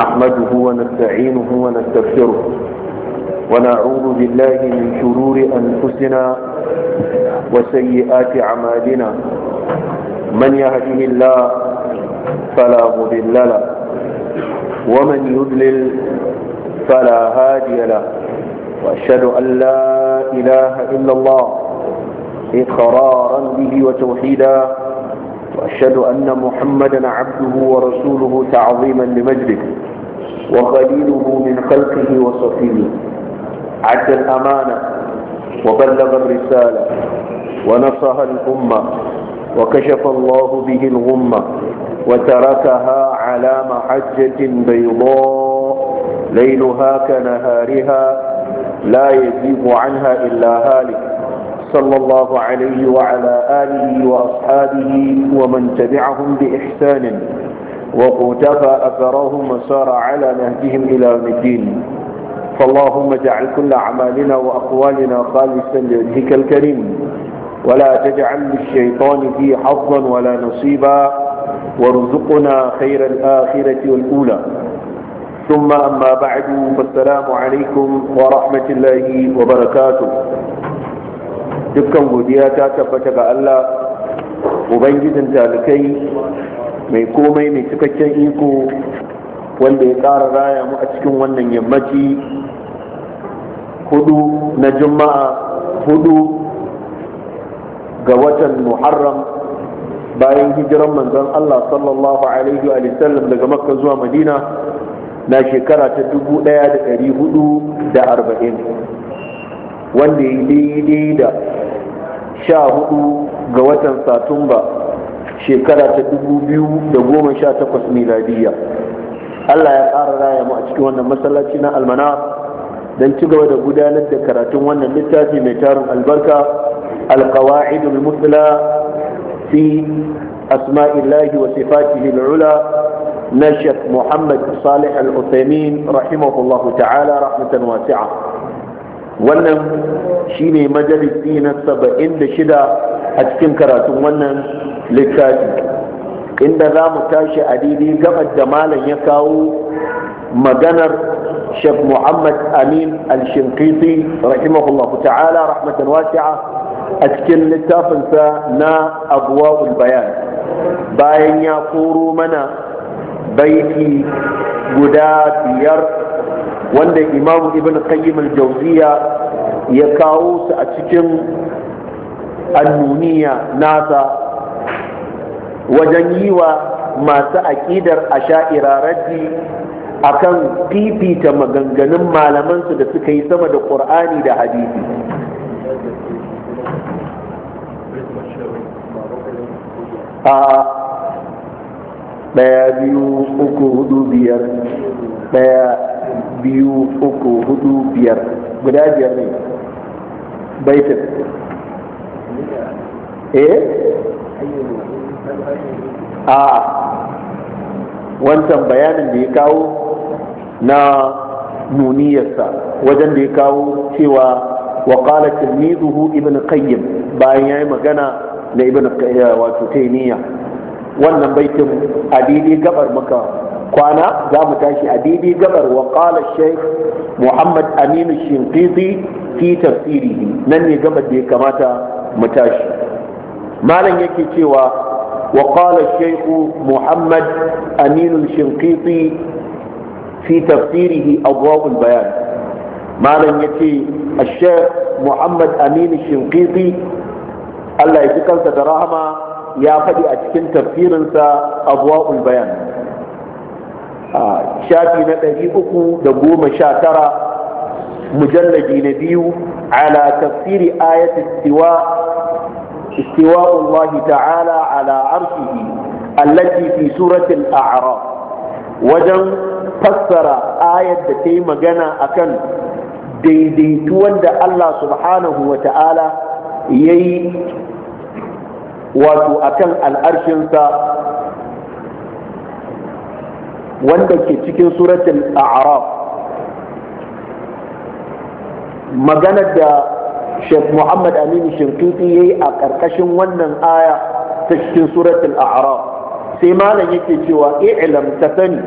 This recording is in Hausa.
نحمده ونستعينه ونستغفره ونعوذ بالله من شرور أنفسنا وسيئات أعمالنا من يهده الله فلا مضل له ومن يضلل فلا هادي له وأشهد أن لا إله إلا الله إقرارا به وتوحيدا وأشهد أن محمدا عبده ورسوله تعظيما لمجده وخليله من خلقه وصفيه عد الأمانة وبلغ الرسالة ونصها الأمة وكشف الله به الغمة وتركها على محجة بيضاء ليلها كنهارها لا يزيغ عنها إلا هالك صلى الله عليه وعلى آله وأصحابه ومن تبعهم بإحسان وقتفى أثرهم وسار على نهجهم إلى يوم الدين فاللهم اجعل كل أعمالنا وأقوالنا خالصا لوجهك الكريم ولا تجعل للشيطان فيه حظا ولا نصيبا وارزقنا خير الآخرة والأولى ثم أما بعد فالسلام عليكم ورحمة الله وبركاته dukkan godiya ta tabbata ga Allah ubangijin mai komai mai cikakken iko wanda ya ƙara raya mu a cikin wannan yammaci hudu na juma'a hudu ga watan muharram bayan hijiran manzon Allah sallallahu alaihi wa sallam daga makka zuwa madina na shekara ta 1440 wanda ya daidai da 14 ga watan satumba shekara ta 2018 miladiyya Allah ya ƙara raya mu a cikin wannan masallaci na almana don ci gaba da gudanar da karatun wannan littafi mai tarin albarka alqawaidul musla fi asma'illahi wa sifatihi al'ula na shek Muhammad Salih Al-Uthaymin rahimahullahu ta'ala rahmatan wasi'a wannan shine majalisi na saba'in da shida a cikin karatun wannan littafi inda za mu tashi a daidai gabar da malam ya kawo maganar Sheikh Muhammad Amin Al-Shinkiti rahimahullah ta'ala rahmatan wasi'a a cikin littafinsa na Abwaul Bayan bayan ya koro mana baiti guda biyar wanda Imam Ibn Qayyim al jawziya ya kawo su a cikin annuniya nasa wajen yi wa masu aƙidar a asha'ira a kan fifita maganganun malamansu da suka yi sama da ƙur'ani da hadisi a ɗaya biyu uku hudu biyar ɗaya biyu uku hudu biyar guda biyar ne baitin eh a wancan bayanin da ya kawo na nuniyarsa wajen da ya kawo cewa zuhu Ibn ابن bayan ya yi magana na ibn wato tainiya wannan baitin a daidai gabar maka kwana za mu tashi a daidai gabar wa qala shaykh muhammad aminu shinkisi fi tafsirihi nan ne gabar da ya kamata mu tashi malam yake cewa wa qala shaykh muhammad aminu shinkisi fi tafsirihi abwaul bayan malam ya a الشيخ muhammad aminu shinkisi Allah ya fi kansa da rahama ya faɗi a cikin tafsirinsa abuwa'ul bayan a shafi na ɗari uku da goma sha tara mujallabi na biyu ala tafsiri ayat istiwa Allah ta'ala ala arshihi allati fi suratul a'raf wajen fassara ayat da ta magana akan daidaituwan Allah subhanahu ta'ala ya yi wato akan al'arshinsa wanda ke cikin suratul a'raf maganar da Sheikh Muhammad Aminu Shinkuti yayi a karkashin wannan aya ta cikin suratul a'raf sai malam yake cewa i'lam ta sani